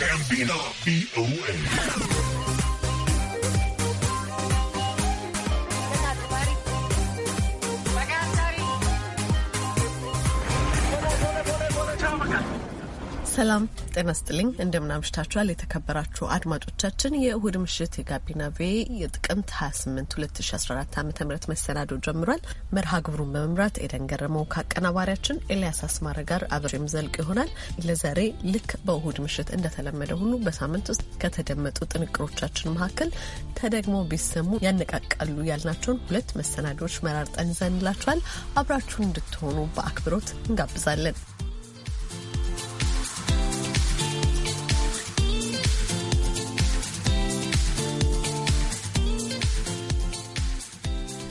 Gambino, B-O-A. ሰላም ጤና ስጥልኝ። እንደምናምሽታችኋል የተከበራችሁ አድማጮቻችን የእሁድ ምሽት የጋቢና ቬ የጥቅምት 28 2014 ዓ ም መሰናዶ ጀምሯል። መርሃ ግብሩን በመምራት ኤደን ገረመው ከአቀናባሪያችን ኤልያስ አስማረ ጋር አብሬም ዘልቅ ይሆናል። ለዛሬ ልክ በእሁድ ምሽት እንደተለመደ ሁሉ በሳምንት ውስጥ ከተደመጡ ጥንቅሮቻችን መካከል ተደግሞ ቢሰሙ ያነቃቃሉ ያልናቸውን ሁለት መሰናዶዎች መራርጠን ይዘንላችኋል። አብራችሁን እንድትሆኑ በአክብሮት እንጋብዛለን።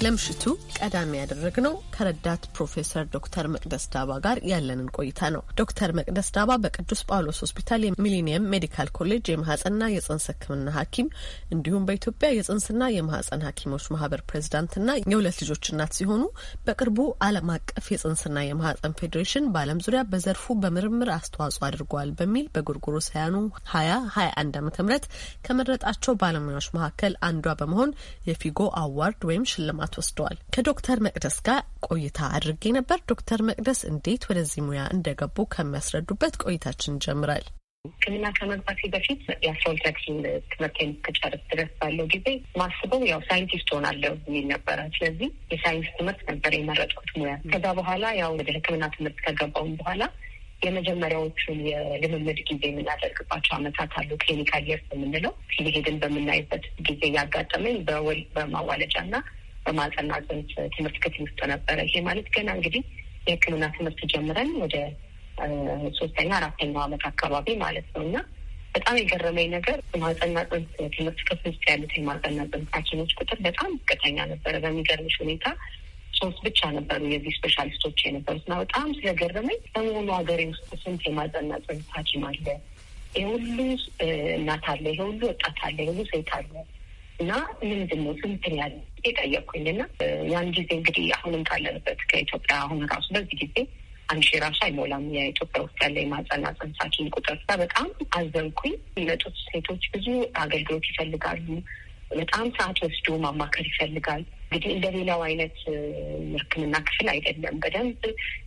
ለምሽቱ ቀዳሚ ያደረግነው ከረዳት ፕሮፌሰር ዶክተር መቅደስ ዳባ ጋር ያለንን ቆይታ ነው። ዶክተር መቅደስ ዳባ በቅዱስ ጳውሎስ ሆስፒታል የሚሊኒየም ሜዲካል ኮሌጅ የማህጸንና የጽንስ ሕክምና ሐኪም እንዲሁም በኢትዮጵያ የጽንስና የማህጸን ሐኪሞች ማህበር ፕሬዚዳንትና የሁለት ልጆች እናት ሲሆኑ በቅርቡ ዓለም አቀፍ የጽንስና የማህጸን ፌዴሬሽን በዓለም ዙሪያ በዘርፉ በምርምር አስተዋጽኦ አድርገዋል በሚል ሳያኑ ሀያ ሀያ አንድ አመተ ምህረት ከመረጣቸው ባለሙያዎች መካከል አንዷ በመሆን የፊጎ አዋርድ ወይም ሽልማት ስልጠናት ወስደዋል። ከዶክተር መቅደስ ጋር ቆይታ አድርጌ ነበር። ዶክተር መቅደስ እንዴት ወደዚህ ሙያ እንደገቡ ከሚያስረዱበት ቆይታችን ጀምራል። ሕክምና ከመግባቴ በፊት የአስራ ትምህርቴን እስክጨርስ ድረስ ባለው ጊዜ ማስበው ያው ሳይንቲስት ሆናለሁ የሚል ነበረ። ስለዚህ የሳይንስ ትምህርት ነበር የመረጥኩት ሙያ። ከዛ በኋላ ያው ወደ ሕክምና ትምህርት ከገባውን በኋላ የመጀመሪያዎቹን የልምምድ ጊዜ የምናደርግባቸው ዓመታት አሉ። ክሊኒካል የርስ የምንለው ሲሄድን በምናይበት ጊዜ ያጋጠመኝ በማዋለጃ እና በማህፀንና ጽንስ ትምህርት ክፍል ውስጥ ነበረ። ይሄ ማለት ገና እንግዲህ የሕክምና ትምህርት ጀምረን ወደ ሶስተኛ አራተኛው ዓመት አካባቢ ማለት ነው እና በጣም የገረመኝ ነገር ማጸና ጽንስ ትምህርት ክፍል ውስጥ ያሉት የማጸና ጽንስ ሐኪሞች ቁጥር በጣም ዝቅተኛ ነበረ። በሚገርምሽ ሁኔታ ሶስት ብቻ ነበሩ የዚህ ስፔሻሊስቶች የነበሩት እና በጣም ስለገረመኝ በመሆኑ ሀገሬ ውስጥ ስንት የማጸና ጽንስ ሐኪም አለ? የሁሉ እናት አለ፣ የሁሉ ወጣት አለ፣ የሁሉ ሴት አለ እና ምንድን ነው ስንትን ያለ የጠየቅኩኝና ያን ጊዜ እንግዲህ አሁንም ካለንበት ከኢትዮጵያ አሁን ራሱ በዚህ ጊዜ አንድ ሺ ራሱ አይሞላም የኢትዮጵያ ውስጥ ያለ የማህፀንና ጽንስ ሐኪም ቁጥር ና በጣም አዘንኩኝ። የሚመጡት ሴቶች ብዙ አገልግሎት ይፈልጋሉ። በጣም ሰዓት ወስዶ ማማከር ይፈልጋል። እንግዲህ እንደ ሌላው አይነት ሕክምና ክፍል አይደለም። በደንብ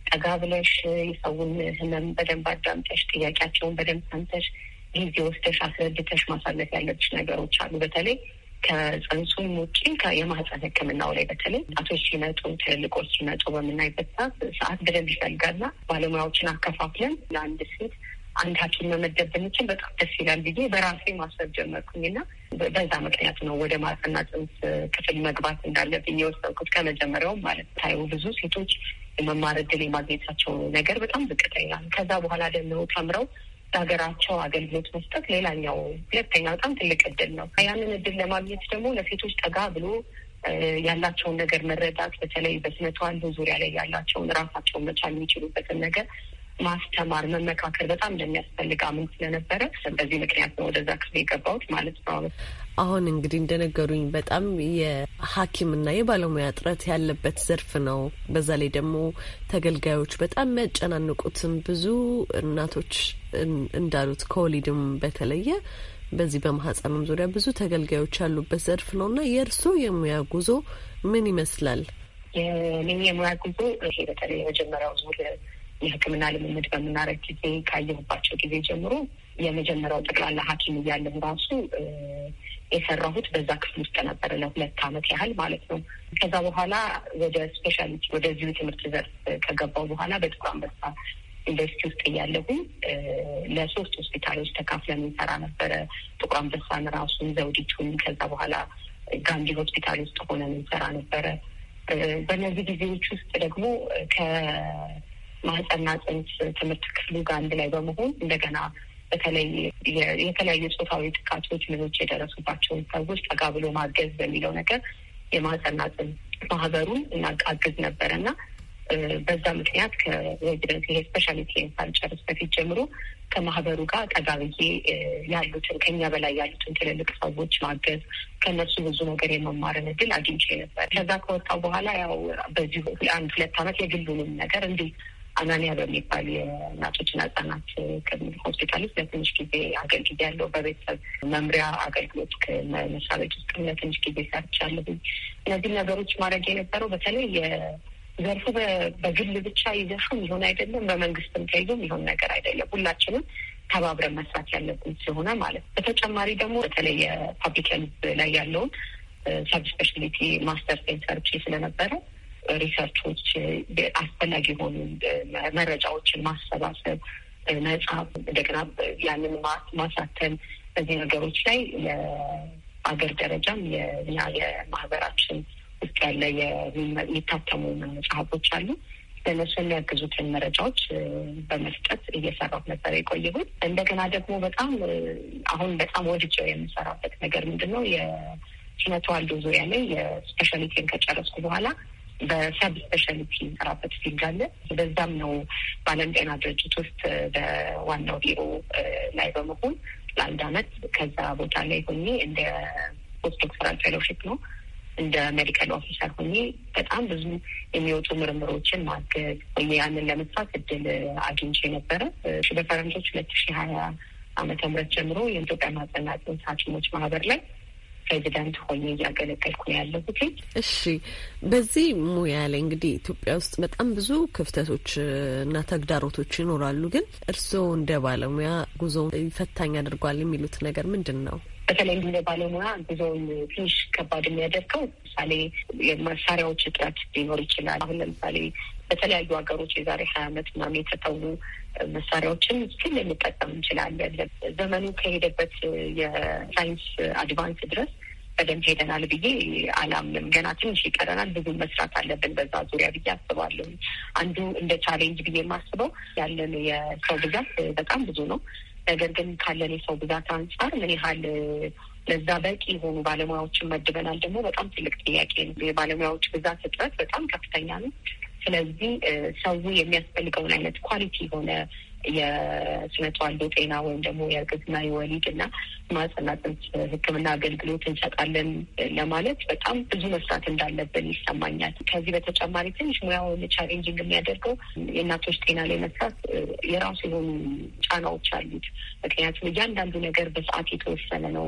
ጠጋ ብለሽ የሰውን ህመም በደንብ አዳምጠሽ ጥያቄያቸውን በደንብ ሰምተሽ ጊዜ ወስደሽ አስረድተሽ ማሳለፍ ያለብሽ ነገሮች አሉ። በተለይ ከጽንሱም ውጭ የማህፀን ሕክምናው ላይ በተለይ እናቶች ሲመጡ ትልልቆች ሲመጡ በምናይበት ሰዓት በደንብ ይፈልጋልና ባለሙያዎችን አከፋፍለን ለአንድ ሴት አንድ ሐኪም መመደብ ብንችል በጣም ደስ ይላል ብዬ በራሴ ማሰብ ጀመርኩኝና በዛ ምክንያት ነው ወደ ማህፀንና ጽንስ ክፍል መግባት እንዳለብኝ የወሰንኩት ከመጀመሪያውም ማለት ታዩ ብዙ ሴቶች የመማር እድል የማግኘታቸው ነገር በጣም ዝቅተኛል። ከዛ በኋላ ደግሞ ተምረው ለሀገራቸው አገልግሎት መስጠት ሌላኛው ሁለተኛ በጣም ትልቅ እድል ነው። ያንን እድል ለማግኘት ደግሞ ለሴቶች ጠጋ ብሎ ያላቸውን ነገር መረዳት፣ በተለይ በስነ ተዋልዶ ዙሪያ ላይ ያላቸውን ራሳቸውን መቻል የሚችሉበትን ነገር ማስተማር፣ መመካከል በጣም እንደሚያስፈልግ አምን ስለነበረ በዚህ ምክንያት ነው ወደዛ ክፍል የገባሁት ማለት ነው። አሁን እንግዲህ እንደነገሩኝ በጣም የሐኪምና የባለሙያ እጥረት ያለበት ዘርፍ ነው። በዛ ላይ ደግሞ ተገልጋዮች በጣም የሚያጨናንቁትን ብዙ እናቶች እንዳሉት ከወሊድም በተለየ በዚህ በማህፀኑም ዙሪያ ብዙ ተገልጋዮች ያሉበት ዘርፍ ነው እና የእርሶ የሙያ ጉዞ ምን ይመስላል? የኔ የሙያ ጉዞ ይሄ በተለይ የመጀመሪያው ዙር የሕክምና ልምምድ በምናረግ ጊዜ ካየሁባቸው ጊዜ ጀምሮ የመጀመሪያው ጠቅላላ ሐኪም እያለም ራሱ የሰራሁት በዛ ክፍል ውስጥ ነበር ለሁለት አመት ያህል ማለት ነው። ከዛ በኋላ ወደ ስፔሻሊቲ ወደዚሁ ትምህርት ዘርፍ ከገባው በኋላ በጥቁር አንበሳ ዩኒቨርሲቲ ውስጥ እያለሁኝ ለሶስት ሆስፒታሎች ተካፍለን እንሰራ ነበረ። ጥቁር አንበሳን ራሱን፣ ዘውዲቱን ከዛ በኋላ ጋንዲ ሆስፒታል ውስጥ ሆነን እንሰራ ነበረ። በእነዚህ ጊዜዎች ውስጥ ደግሞ ከማህፀንና ጽንስ ትምህርት ክፍሉ ጋር አንድ ላይ በመሆን እንደገና በተለይ የተለያዩ ጾታዊ ጥቃቶች ምኖች የደረሱባቸውን ሰዎች ጠጋ ብሎ ማገዝ በሚለው ነገር የማጸናጽን ማህበሩን እናቃግዝ ነበረ እና በዛ ምክንያት ከሬዚደንስ ይሄ ስፔሻሊቲ ሳልጨርስ በፊት ጀምሮ ከማህበሩ ጋር ጠጋ ብዬ ያሉትን ከኛ በላይ ያሉትን ትልልቅ ሰዎች ማገዝ ከነሱ ብዙ ነገር የመማርን እድል አግኝቼ ነበር። ከዛ ከወጣው በኋላ ያው በዚሁ አንድ ሁለት ዓመት የግሉንም ነገር እንዲህ አናኒያ በሚባል የእናቶችና ህጻናት ከሚል ሆስፒታል ውስጥ ለትንሽ ጊዜ አገልግያለሁ። በቤተሰብ መምሪያ አገልግሎት ከመስሪያ ቤት ውስጥ ለትንሽ ጊዜ ሰርቻለሁኝ። እነዚህ ነገሮች ማድረግ የነበረው በተለይ የዘርፉ በግል ብቻ ይዘፉም ይሆን አይደለም፣ በመንግስትም ተይዞም ይሆን ነገር አይደለም። ሁላችንም ተባብረን መስራት ያለብን ሲሆነ ማለት ነው። በተጨማሪ ደግሞ በተለይ የፓብሊክ ሄልዝ ላይ ያለውን ሰብስፔሻሊቲ ማስተር ማስተር ብቼ ስለነበረ ሪሰርቾች፣ አስፈላጊ የሆኑ መረጃዎችን ማሰባሰብ፣ መጽሐፍ፣ እንደገና ያንን ማሳተም በዚህ ነገሮች ላይ የአገር ደረጃም የኛ የማህበራችን ውስጥ ያለ የሚታተሙ መጽሐፎች አሉ። ለነሱ የሚያግዙትን መረጃዎች በመስጠት እየሰራሁ ነበር የቆየሁት። እንደገና ደግሞ በጣም አሁን በጣም ወድጀው የምሰራበት ነገር ምንድን ነው? የስነ ተዋልዶ ዙሪያ ላይ የስፔሻሊቲን ከጨረስኩ በኋላ በሰብ ስፔሻሊቲ የሚሰራበት ፊልድ አለ። በዛም ነው በዓለም ጤና ድርጅት ውስጥ በዋናው ቢሮ ላይ በመሆን ለአንድ አመት ከዛ ቦታ ላይ ሆኜ እንደ ፖስት ዶክተራል ፌሎሺፕ ነው እንደ ሜዲካል ኦፊሰር ሆኜ በጣም ብዙ የሚወጡ ምርምሮችን ማገዝ ወይ ያንን ለመስራት እድል አግኝቼ ነበረ። በፈረንጆች ሁለት ሺ ሀያ አመተ ምህረት ጀምሮ የኢትዮጵያ ማህፀንና ሐኪሞች ማህበር ላይ ፕሬዚዳንት ሆኜ እያገለገልኩ ያለሁት። እሺ፣ በዚህ ሙያ ላይ እንግዲህ ኢትዮጵያ ውስጥ በጣም ብዙ ክፍተቶች እና ተግዳሮቶች ይኖራሉ። ግን እርስዎ እንደ ባለሙያ ጉዞ ፈታኝ አድርጓል የሚሉት ነገር ምንድን ነው? በተለይ እንደ ባለሙያ ጉዞውን ትንሽ ከባድ የሚያደርገው ለምሳሌ የመሳሪያዎች እጥረት ሊኖር ይችላል። አሁን ለምሳሌ በተለያዩ ሀገሮች የዛሬ ሀያ አመት ምናምን የተተዉ መሳሪያዎችን ስል ልንጠቀም እንችላለን። ዘመኑ ከሄደበት የሳይንስ አድቫንስ ድረስ በደንብ ሄደናል ብዬ አላምንም። ገና ትንሽ ይቀረናል፣ ብዙ መስራት አለብን በዛ ዙሪያ ብዬ አስባለሁ። አንዱ እንደ ቻሌንጅ ብዬ የማስበው ያለን የሰው ብዛት በጣም ብዙ ነው። ነገር ግን ካለን የሰው ብዛት አንጻር ምን ያህል ለዛ በቂ የሆኑ ባለሙያዎችን መድበናል ደግሞ በጣም ትልቅ ጥያቄ ነው። የባለሙያዎች ብዛት እጥረት በጣም ከፍተኛ ነው። ስለዚህ ሰው የሚያስፈልገውን አይነት ኳሊቲ የሆነ የስነ ተዋልዶ ጤና ወይም ደግሞ የእርግዝና የወሊድ እና ማህጸንና ጽንስ ህክምና አገልግሎት እንሰጣለን ለማለት በጣም ብዙ መስራት እንዳለብን ይሰማኛል። ከዚህ በተጨማሪ ትንሽ ሙያውን ቻሌንጅንግ የሚያደርገው የእናቶች ጤና ላይ መስራት የራሱ የሆኑ ጫናዎች አሉት። ምክንያቱም እያንዳንዱ ነገር በሰዓት የተወሰነ ነው።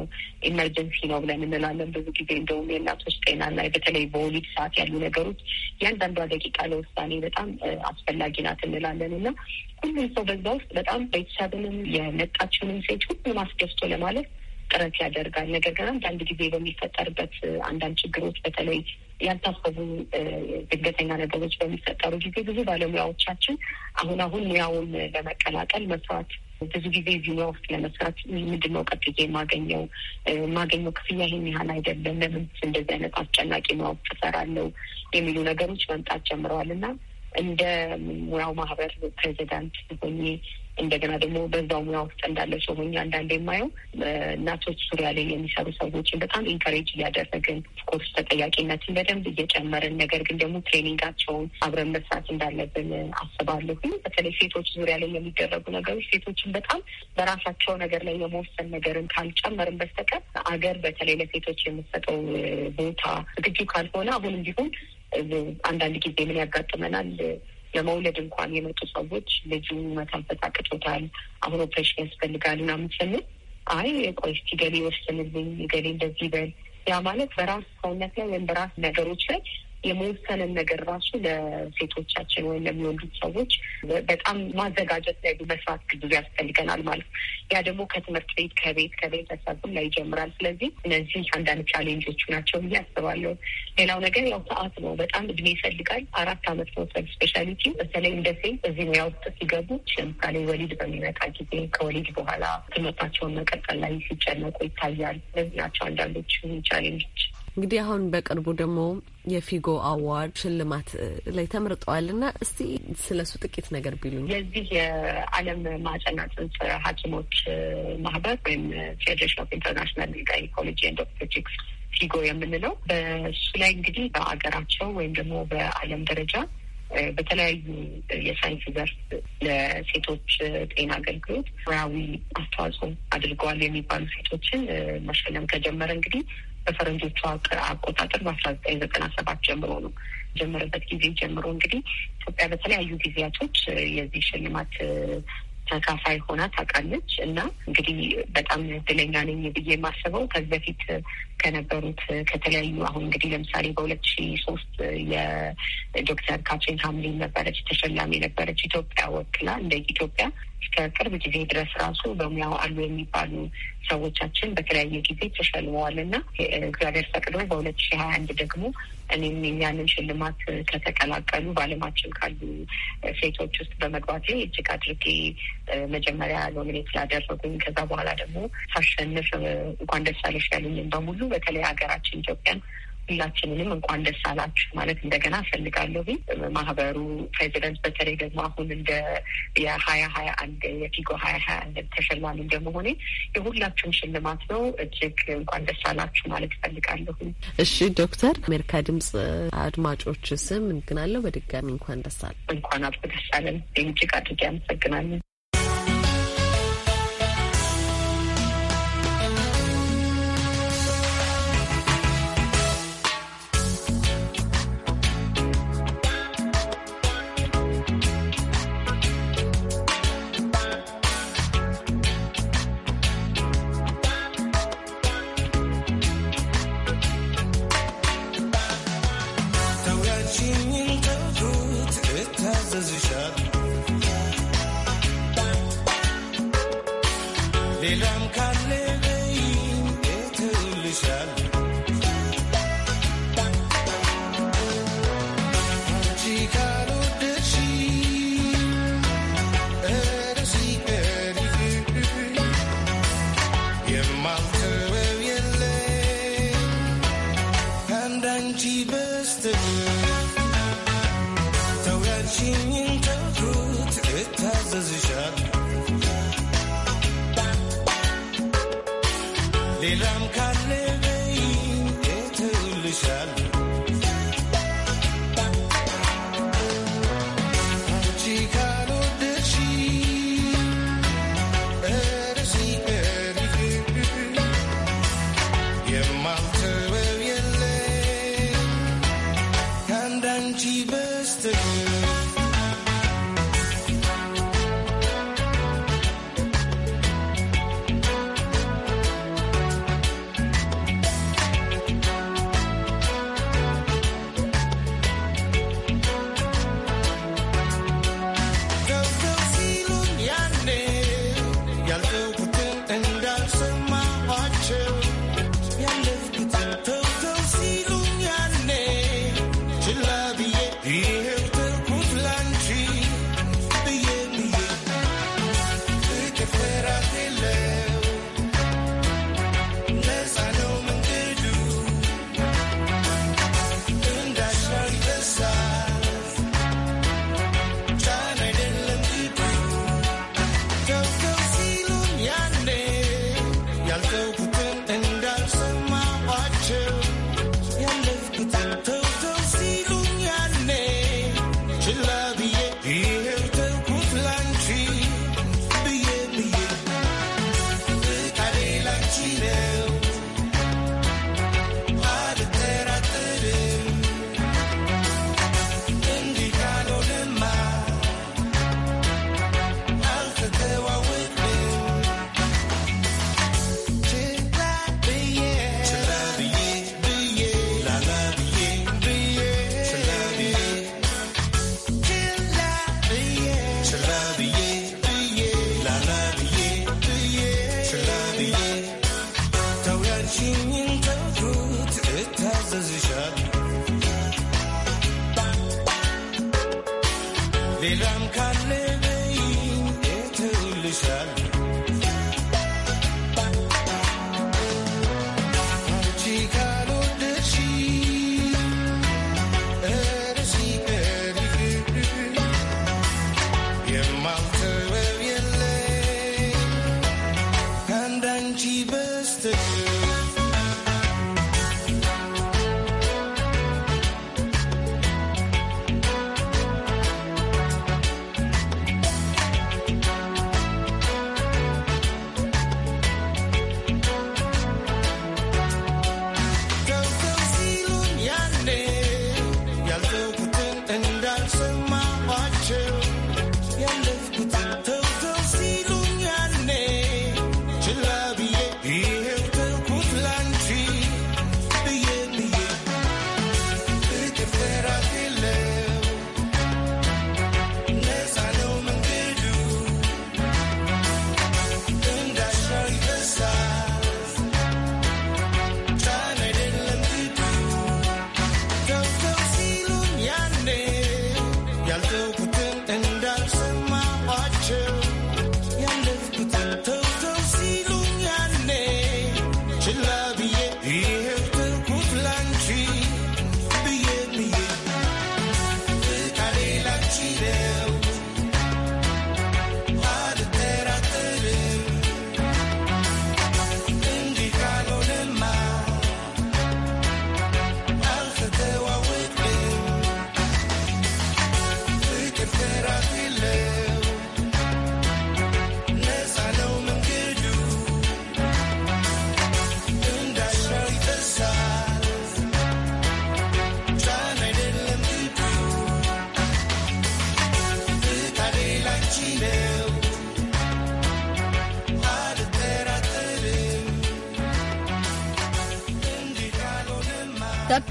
ኢመርጀንሲ ነው ብለን እንላለን ብዙ ጊዜ እንደውም የእናቶች ጤና ላይ በተለይ በወሊድ ሰዓት ያሉ ነገሮች እያንዳንዷ ደቂቃ ለውሳኔ በጣም አስፈላጊ ናት እንላለን እና ሁሉም ሰው በዛ ውስጥ በጣም ቤተሰብንም የመጣችውንም ሴት ሁሉም አስደስቶ ለማለት ጥረት ያደርጋል። ነገር ግን አንዳንድ ጊዜ በሚፈጠርበት አንዳንድ ችግሮች በተለይ ያልታሰቡ ድንገተኛ ነገሮች በሚፈጠሩ ጊዜ ብዙ ባለሙያዎቻችን አሁን አሁን ሙያውን ለመቀላቀል መስዋዕት ብዙ ጊዜ እዚህ ሙያ ውስጥ ለመስራት ምንድን ነው ቀጥዬ የማገኘው የማገኘው ክፍያ ይህን ያህል አይደለም፣ ለምን እንደዚህ አይነት አስጨናቂ ሙያ ውስጥ እሰራለሁ የሚሉ ነገሮች መምጣት ጀምረዋል እና እንደ ሙያው ማህበር ፕሬዚዳንት ሆኜ እንደገና ደግሞ በዛው ሙያ ውስጥ እንዳለ ሰው ሆኜ አንዳንድ የማየው እናቶች ዙሪያ ላይ የሚሰሩ ሰዎችን በጣም ኢንካሬጅ እያደረግን ኮርስ ተጠያቂነትን በደንብ እየጨመርን ነገር ግን ደግሞ ትሬኒንጋቸውን አብረን መስራት እንዳለብን አስባለሁ። በተለይ ሴቶች ዙሪያ ላይ የሚደረጉ ነገሮች ሴቶችን በጣም በራሳቸው ነገር ላይ የመወሰን ነገርን ካልጨመርን በስተቀር አገር በተለይ ለሴቶች የምሰጠው ቦታ ዝግጁ ካልሆነ አሁንም ቢሆን አንዳንድ ጊዜ ምን ያጋጥመናል ለመውለድ እንኳን የመጡ ሰዎች ልጁ መተንፈስ አቅቶታል፣ አሁን ኦፕሬሽን ያስፈልጋል ምናምን ስንል አይ ቆይ እስኪ ገሌ ወስንልኝ፣ ገሌ እንደዚህ በል ያ ማለት በራስ ሰውነት ላይ ወይም በራስ ነገሮች ላይ የመወሰንን ነገር ራሱ ለሴቶቻችን ወይም ለሚወልዱት ሰዎች በጣም ማዘጋጀት ላይ መስራት ብዙ ያስፈልገናል ማለት ነው። ያ ደግሞ ከትምህርት ቤት፣ ከቤት ከቤተሰብም ላይ ይጀምራል። ስለዚህ እነዚህ አንዳንድ ቻሌንጆቹ ናቸው ብዬ አስባለሁ። ሌላው ነገር ያው ሰዓት ነው። በጣም እድሜ ይፈልጋል። አራት አመት መውሰድ ስፔሻሊቲ በተለይ እንደ ሴት እዚህ ሙያ ውስጥ ሲገቡ ለምሳሌ ወሊድ በሚመጣ ጊዜ ከወሊድ በኋላ ትምህርታቸውን መቀጠል ላይ ሲጨነቁ ይታያል። እነዚህ ናቸው አንዳንዶቹ ቻሌንጆች። እንግዲህ አሁን በቅርቡ ደግሞ የፊጎ አዋርድ ሽልማት ላይ ተመርጠዋል እና እስቲ ስለሱ ጥቂት ነገር ቢሉኝ። የዚህ የዓለም ማህጸንና ጽንስ ሐኪሞች ማህበር ወይም ፌዴሬሽን ኦፍ ኢንተርናሽናል ጋይኒኮሎጂ ኤንድ ኦብስቴትሪክስ ፊጎ የምንለው በሱ ላይ እንግዲህ በአገራቸው ወይም ደግሞ በዓለም ደረጃ በተለያዩ የሳይንስ ዘርፍ ለሴቶች ጤና አገልግሎት ሙያዊ አስተዋጽኦ አድርገዋል የሚባሉ ሴቶችን መሸለም ከጀመረ እንግዲህ በፈረንጆቹ አቆጣጠር በአስራ ዘጠኝ ዘጠና ሰባት ጀምሮ ነው ጀመረበት ጊዜ ጀምሮ እንግዲህ ኢትዮጵያ በተለያዩ ጊዜያቶች የዚህ ሽልማት ተካፋይ ሆና ታውቃለች እና እንግዲህ በጣም እድለኛ ነኝ ብዬ የማስበው ከዚህ በፊት ከነበሩት ከተለያዩ አሁን እንግዲህ ለምሳሌ በሁለት ሺ ሶስት የዶክተር ካትሪን ሀምሊን ነበረች ተሸላሚ ነበረች ኢትዮጵያ ወክላ እንደ ኢትዮጵያ እስከ ቅርብ ጊዜ ድረስ ራሱ በሙያው አሉ የሚባሉ ሰዎቻችን በተለያየ ጊዜ ተሸልመዋል እና እግዚአብሔር ፈቅዶ በሁለት ሺ ሀያ አንድ ደግሞ እኔም ያንን ሽልማት ከተቀላቀሉ በዓለማችን ካሉ ሴቶች ውስጥ በመግባቴ እጅግ አድርጌ መጀመሪያ ኖሚኔት ላደረጉኝ ከዛ በኋላ ደግሞ ሳሸንፍ እንኳን ደስ አለሽ ያሉኝም በሙሉ በተለይ ሀገራችን ኢትዮጵያን ሁላችንንም እንኳን ደስ አላችሁ ማለት እንደገና እፈልጋለሁ። ግን ማህበሩ ፕሬዚደንት በተለይ ደግሞ አሁን እንደ የሀያ ሀያ አንድ የፊጎ ሀያ ሀያ አንድ ተሸላሚ እንደመሆኔ የሁላችሁም ሽልማት ነው። እጅግ እንኳን ደስ አላችሁ ማለት እፈልጋለሁ። እሺ ዶክተር አሜሪካ ድምጽ አድማጮች ስም እንግናለሁ። በድጋሚ እንኳን ደስ አለ እንኳን አብሮ ደስ አለን። እጅግ አድርጌ አመሰግናለን።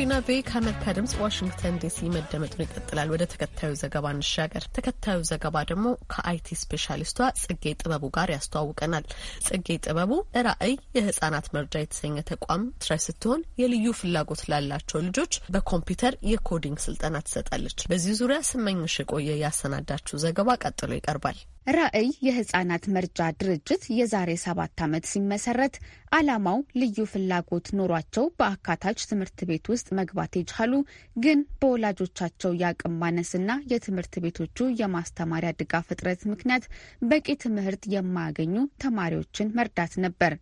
ጋቢና ቤ ከአሜሪካ ድምጽ ዋሽንግተን ዲሲ መደመጡን ይቀጥላል። ወደ ተከታዩ ዘገባ እንሻገር። ተከታዩ ዘገባ ደግሞ ከአይቲ ስፔሻሊስቷ ጽጌ ጥበቡ ጋር ያስተዋውቀናል። ጽጌ ጥበቡ ራዕይ የህጻናት መርጃ የተሰኘ ተቋም ትራይ ስትሆን የልዩ ፍላጎት ላላቸው ልጆች በኮምፒውተር የኮዲንግ ስልጠና ትሰጣለች። በዚህ ዙሪያ ስመኝሽ የቆየ ያሰናዳችው ዘገባ ቀጥሎ ይቀርባል። ራዕይ የህጻናት መርጃ ድርጅት የዛሬ ሰባት ዓመት ሲመሰረት ዓላማው ልዩ ፍላጎት ኖሯቸው በአካታች ትምህርት ቤት ውስጥ መግባት የቻሉ ግን በወላጆቻቸው የአቅም ማነስና የትምህርት ቤቶቹ የማስተማሪያ ድጋፍ እጥረት ምክንያት በቂ ትምህርት የማያገኙ ተማሪዎችን መርዳት ነበር።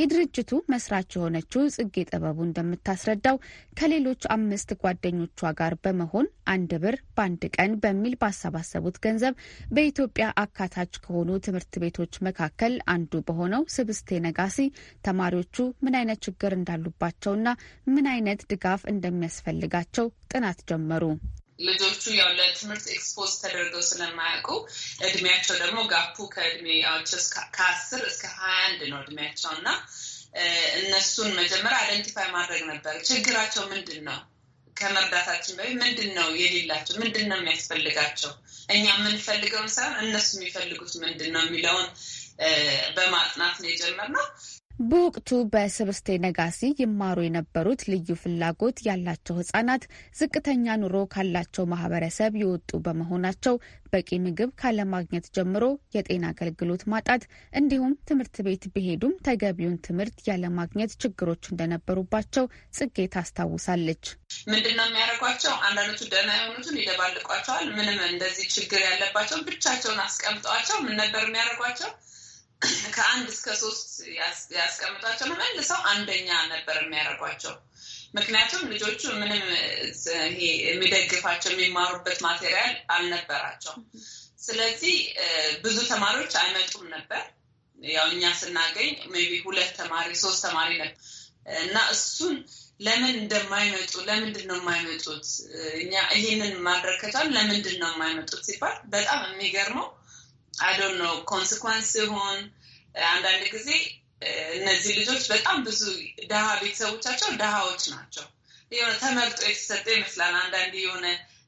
የድርጅቱ መስራች የሆነችው ጽጌ ጥበቡ እንደምታስረዳው ከሌሎች አምስት ጓደኞቿ ጋር በመሆን አንድ ብር በአንድ ቀን በሚል ባሰባሰቡት ገንዘብ በኢትዮጵያ አካ አካታች ከሆኑ ትምህርት ቤቶች መካከል አንዱ በሆነው ስብስቴ ነጋሲ ተማሪዎቹ ምን አይነት ችግር እንዳሉባቸውና ምን አይነት ድጋፍ እንደሚያስፈልጋቸው ጥናት ጀመሩ። ልጆቹ ያው ለትምህርት ኤክስፖዝ ተደርገው ስለማያውቁ እድሜያቸው ደግሞ ጋፑ ከእድሜያቸው ከአስር እስከ ሀያ አንድ ነው እድሜያቸው እና እነሱን መጀመሪያ አይደንቲፋይ ማድረግ ነበር ችግራቸው ምንድን ነው ከመርዳታችን በፊት ምንድን ነው የሌላቸው፣ ምንድን ነው የሚያስፈልጋቸው፣ እኛ የምንፈልገውን ሳይሆን እነሱ የሚፈልጉት ምንድን ነው የሚለውን በማጥናት ነው የጀመርነው። በወቅቱ በስብስቴ ነጋሲ ይማሩ የነበሩት ልዩ ፍላጎት ያላቸው ህጻናት ዝቅተኛ ኑሮ ካላቸው ማህበረሰብ የወጡ በመሆናቸው በቂ ምግብ ካለማግኘት ጀምሮ የጤና አገልግሎት ማጣት እንዲሁም ትምህርት ቤት ቢሄዱም ተገቢውን ትምህርት ያለማግኘት ችግሮች እንደነበሩባቸው ጽጌ ታስታውሳለች። ምንድን ነው የሚያደርጓቸው? አንዳንዶቹ ደህና የሆኑትን ይደባልቋቸዋል። ምንም እንደዚህ ችግር ያለባቸው ብቻቸውን አስቀምጠዋቸው ምን ነበር የሚያደርጓቸው? ከአንድ እስከ ሶስት ያስቀምጧቸው ነው ሰው አንደኛ ነበር የሚያደርጓቸው። ምክንያቱም ልጆቹ ምንም የሚደግፋቸው የሚማሩበት ማቴሪያል አልነበራቸው። ስለዚህ ብዙ ተማሪዎች አይመጡም ነበር። ያው እኛ ስናገኝ ሜይ ቢ ሁለት ተማሪ ሶስት ተማሪ ነበር እና እሱን ለምን እንደማይመጡ ለምንድን ነው የማይመጡት፣ እኛ ይህንን ማድረግ ከቻል ለምንድን ነው የማይመጡት ሲባል በጣም የሚገርመው አይዶን ነው ኮንስኳንስ ሲሆን አንዳንድ ጊዜ እነዚህ ልጆች በጣም ብዙ ድሃ ቤተሰቦቻቸው ድሃዎች ናቸው። የሆነ ተመርጦ የተሰጠ ይመስላል አንዳንድ የሆነ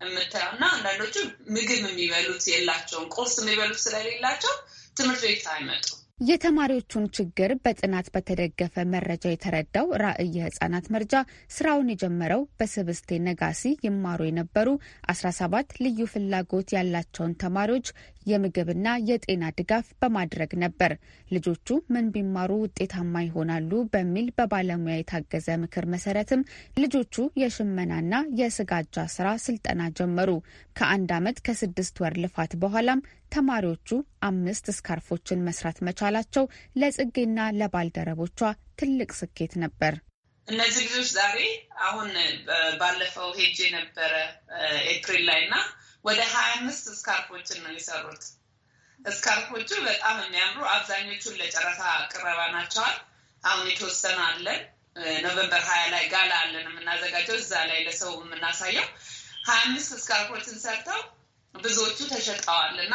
የምታየው እና አንዳንዶቹ ምግብ የሚበሉት የላቸውም። ቁርስ የሚበሉት ስለሌላቸው ትምህርት ቤት አይመጡ። የተማሪዎቹን ችግር በጥናት በተደገፈ መረጃ የተረዳው ራዕይ ህጻናት መርጃ ስራውን የጀመረው በስብስቴ ነጋሲ ይማሩ የነበሩ 17 ልዩ ፍላጎት ያላቸውን ተማሪዎች የምግብና የጤና ድጋፍ በማድረግ ነበር። ልጆቹ ምን ቢማሩ ውጤታማ ይሆናሉ በሚል በባለሙያ የታገዘ ምክር መሰረትም ልጆቹ የሽመናና የስጋጃ ስራ ስልጠና ጀመሩ። ከአንድ ዓመት ከስድስት ወር ልፋት በኋላም ተማሪዎቹ አምስት ስካርፎችን መስራት መቻላቸው ለጽጌና ለባልደረቦቿ ትልቅ ስኬት ነበር። እነዚህ ልጆች ዛሬ አሁን ባለፈው ሄጄ ነበረ ኤፕሪል ላይ እና ወደ ሀያ አምስት ስካርፎችን ነው የሰሩት። እስካርፎቹ በጣም የሚያምሩ አብዛኞቹን ለጨረታ ቅረባ ናቸዋል። አሁን የተወሰነ አለን። ኖቨምበር ሀያ ላይ ጋላ አለን የምናዘጋጀው እዛ ላይ ለሰው የምናሳየው ሀያ አምስት ስካርፎችን ሰርተው ብዙዎቹ ተሸጠዋል እና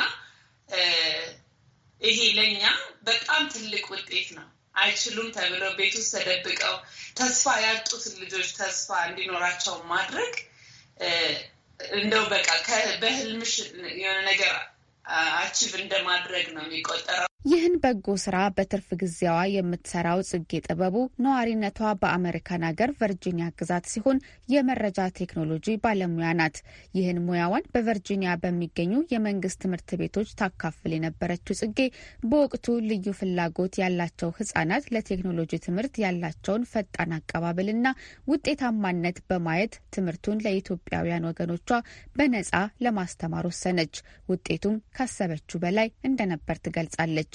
ይሄ ለእኛ በጣም ትልቅ ውጤት ነው። አይችሉም ተብለው ቤት ውስጥ ተደብቀው ተስፋ ያጡትን ልጆች ተስፋ እንዲኖራቸው ማድረግ እንደው በቃ በህልምሽ የሆነ ነገር አቺቭ እንደማድረግ ነው የሚቆጠረው ይህን በጎ ስራ በትርፍ ጊዜዋ የምትሰራው ጽጌ ጥበቡ ነዋሪነቷ በአሜሪካን ሀገር ቨርጂኒያ ግዛት ሲሆን የመረጃ ቴክኖሎጂ ባለሙያ ናት። ይህን ሙያዋን በቨርጂኒያ በሚገኙ የመንግስት ትምህርት ቤቶች ታካፍል የነበረችው ጽጌ በወቅቱ ልዩ ፍላጎት ያላቸው ህጻናት ለቴክኖሎጂ ትምህርት ያላቸውን ፈጣን አቀባበልና ውጤታማነት በማየት ትምህርቱን ለኢትዮጵያውያን ወገኖቿ በነጻ ለማስተማር ወሰነች። ውጤቱም ካሰበችው በላይ እንደነበር ትገልጻለች።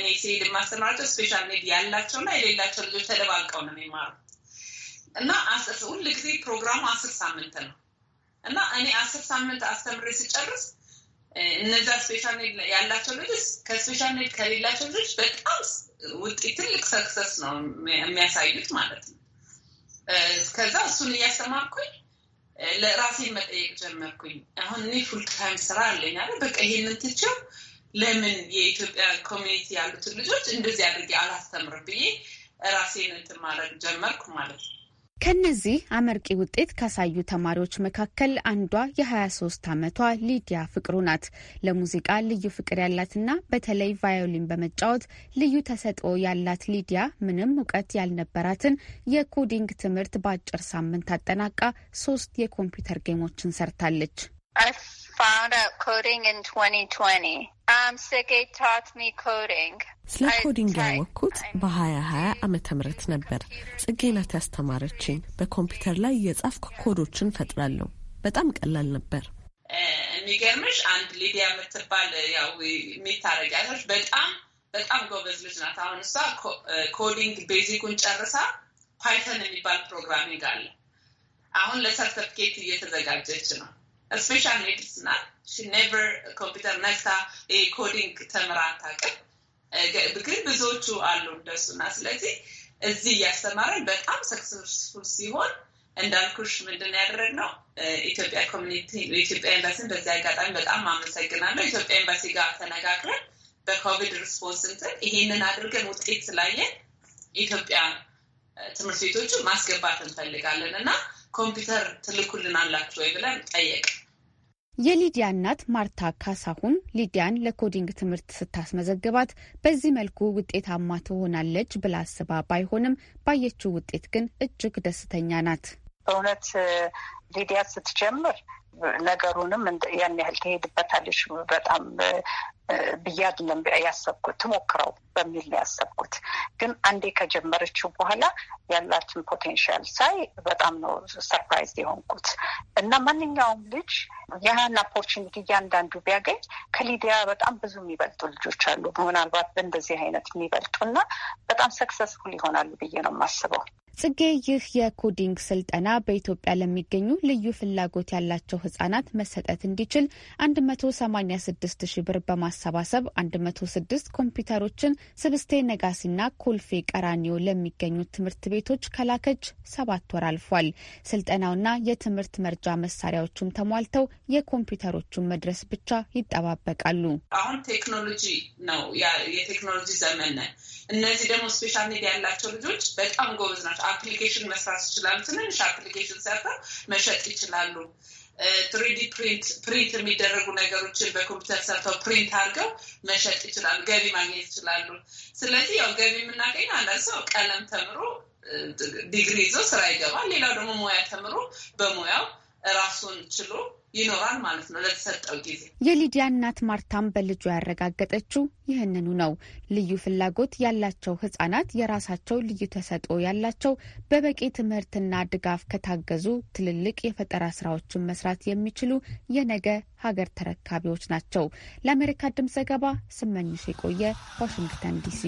እኔ ሲሄድ የማስተምራቸው ስፔሻል ኔድ ያላቸው እና የሌላቸው ልጆች ተደባልቀው ነው የሚማሩ እና ሁል ጊዜ ፕሮግራሙ አስር ሳምንት ነው እና እኔ አስር ሳምንት አስተምሬ ስጨርስ እነዛ ስፔሻል ኔድ ያላቸው ልጆች ከስፔሻል ኔድ ከሌላቸው ልጆች በጣም ውጤት ትልቅ ሰክሰስ ነው የሚያሳዩት ማለት ነው። ከዛ እሱን እያስተማርኩኝ ለራሴን መጠየቅ ጀመርኩኝ። አሁን እኔ ፉልታይም ስራ አለኝ አለ በቃ ይሄንን ትቼው ለምን የኢትዮጵያ ኮሚኒቲ ያሉትን ልጆች እንደዚህ አድርጌ አላስተምር ብዬ ራሴን እንትን ማድረግ ጀመርኩ ማለት ነው። ከነዚህ አመርቂ ውጤት ካሳዩ ተማሪዎች መካከል አንዷ የ23 ዓመቷ ሊዲያ ፍቅሩ ናት። ለሙዚቃ ልዩ ፍቅር ያላትና በተለይ ቫዮሊን በመጫወት ልዩ ተሰጥኦ ያላት ሊዲያ ምንም እውቀት ያልነበራትን የኮዲንግ ትምህርት በአጭር ሳምንት አጠናቃ ሶስት የኮምፒውተር ጌሞችን ሰርታለች። found out coding in 2020. Um, Sege taught me coding. ስለ ኮዲንግ ያወቅኩት በ2020 ዓመተ ምህረት ነበር። ጽጌ ናት ያስተማረችኝ። በኮምፒውተር ላይ የጻፍኩ ኮዶችን ፈጥራለሁ። በጣም ቀላል ነበር። የሚገርምሽ አንድ ሊዲያ የምትባል ያው የሚታረጊያለች በጣም በጣም ጎበዝ ልጅ ናት። አሁን እሷ ኮዲንግ ቤዚኩን ጨርሳ ፓይተን የሚባል ፕሮግራሚንግ አለ። አሁን ለሰርተፍኬት እየተዘጋጀች ነው። ስፔሻል ሜድስ ናት። ኔቨር ኮምፒውተር ነክታ ኮዲንግ ተምራ አታውቅም። ግን ብዙዎቹ አሉ እንደሱ እና ስለዚህ እዚህ እያስተማረን በጣም ሰክሰስፉል ሲሆን እንዳልኩሽ ምንድን ያደረግነው ኢትዮጵያ ኮሚኒቲ ኢትዮጵያ ኤምባሲን በዚህ አጋጣሚ በጣም አመሰግናለሁ። ኢትዮጵያ ኤምባሲ ጋር ተነጋግረን በኮቪድ ሪስፖንስ እንትን ይሄንን አድርገን ውጤት ስላየን ኢትዮጵያ ትምህርት ቤቶቹ ማስገባት እንፈልጋለን እና ኮምፒውተር ትልኩልን አላችሁ ወይ ብለን ጠየቅ የሊዲያ እናት ማርታ ካሳሁን ሊዲያን ለኮዲንግ ትምህርት ስታስመዘግባት በዚህ መልኩ ውጤታማ ትሆናለች ብላ አስባ ባይሆንም ባየችው ውጤት ግን እጅግ ደስተኛ ናት። በእውነት ሊዲያ ስትጀምር ነገሩንም ያን ያህል ትሄድበታለች በጣም ብዬ አይደለም ያሰብኩት፣ ትሞክረው በሚል ነው ያሰብኩት። ግን አንዴ ከጀመረችው በኋላ ያላትን ፖቴንሻል ሳይ በጣም ነው ሰርፕራይዝ የሆንኩት እና ማንኛውም ልጅ ያህን ኦፖርቹኒቲ እያንዳንዱ ቢያገኝ ከሊዲያ በጣም ብዙ የሚበልጡ ልጆች አሉ፣ ምናልባት በእንደዚህ አይነት የሚበልጡ እና በጣም ሰክሰስፉል ይሆናሉ ብዬ ነው የማስበው። ጽጌ ይህ የኮዲንግ ስልጠና በኢትዮጵያ ለሚገኙ ልዩ ፍላጎት ያላቸው ህጻናት መሰጠት እንዲችል 186 ሺ ብር በማሰባሰብ 106 ኮምፒውተሮችን ስብስቴ ነጋሲና ኮልፌ ቀራኒዮ ለሚገኙ ትምህርት ቤቶች ከላከች ሰባት ወር አልፏል። ስልጠናውና የትምህርት መርጃ መሳሪያዎቹም ተሟልተው የኮምፒውተሮቹን መድረስ ብቻ ይጠባበቃሉ። አሁን ቴክኖሎጂ ነው፣ የቴክኖሎጂ ዘመን ነን። እነዚህ ደግሞ ስፔሻል ኔድ ያላቸው ልጆች በጣም ጎበዝ ናቸው። አፕሊኬሽን መስራት ይችላሉ። ትንንሽ አፕሊኬሽን ሰርተው መሸጥ ይችላሉ። ትሪዲ ፕሪንት ፕሪንት የሚደረጉ ነገሮችን በኮምፒውተር ሰርተው ፕሪንት አድርገው መሸጥ ይችላሉ። ገቢ ማግኘት ይችላሉ። ስለዚህ ያው ገቢ የምናገኘው አንዳንድ ሰው ቀለም ተምሮ ዲግሪ ይዞ ስራ ይገባል። ሌላው ደግሞ ሙያ ተምሮ በሙያው ራሱን ችሎ ይኖራል ማለት ነው ለተሰጠው ጊዜ። የሊዲያ እናት ማርታም በልጁ ያረጋገጠችው ይህንኑ ነው። ልዩ ፍላጎት ያላቸው ህጻናት የራሳቸው ልዩ ተሰጥኦ ያላቸው በበቂ ትምህርትና ድጋፍ ከታገዙ ትልልቅ የፈጠራ ስራዎችን መስራት የሚችሉ የነገ ሀገር ተረካቢዎች ናቸው። ለአሜሪካ ድምፅ ዘገባ ስመኝሽ የቆየ ዋሽንግተን ዲሲ።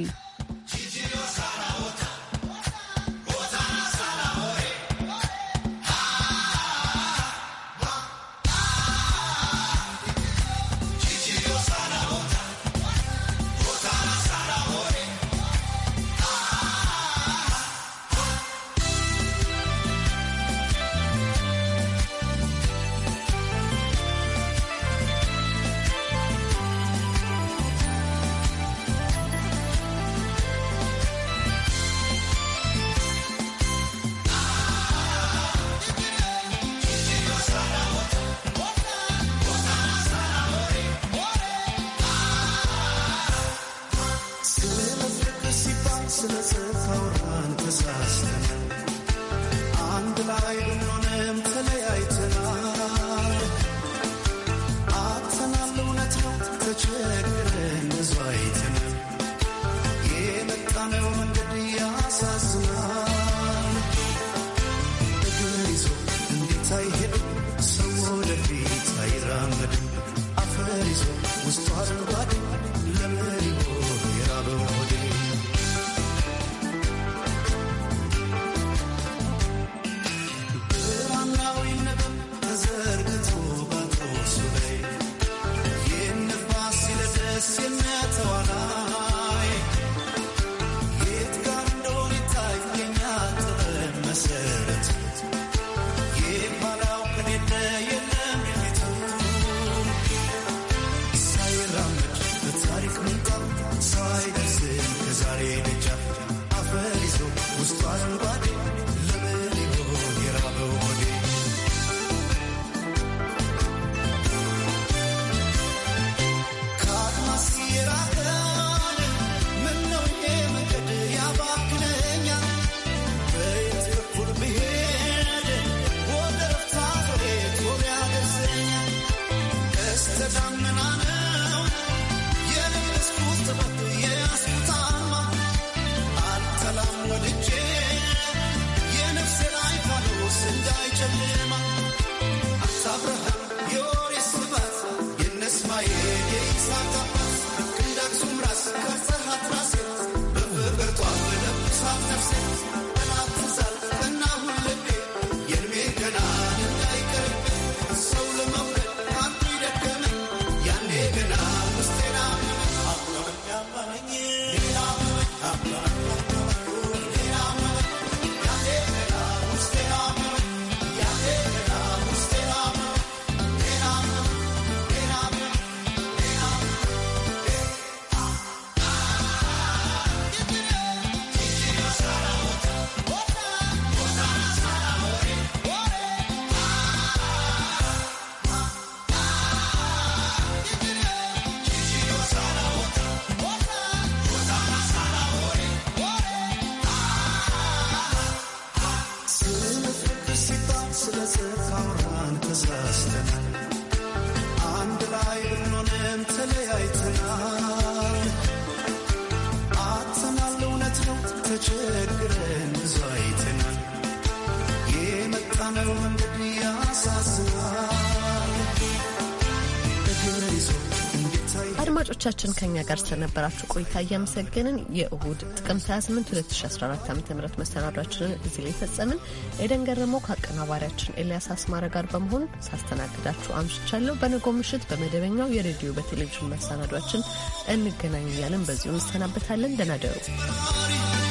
አድማጮቻችን ከኛ ጋር ስለነበራችሁ ቆይታ እያመሰገንን የእሁድ ጥቅምት 28 2014 ዓ ም መሰናዷችንን እዚህ ላይ ፈጸምን። ኤደን ገረመው ከአቀናባሪያችን ኤልያስ አስማረ ጋር በመሆን ሳስተናግዳችሁ አምሽቻለሁ። በነገው ምሽት በመደበኛው የሬዲዮ በቴሌቪዥን መሰናዷችን እንገናኝ እያለን በዚሁ እንሰናበታለን። ደናደሩ ደሩ።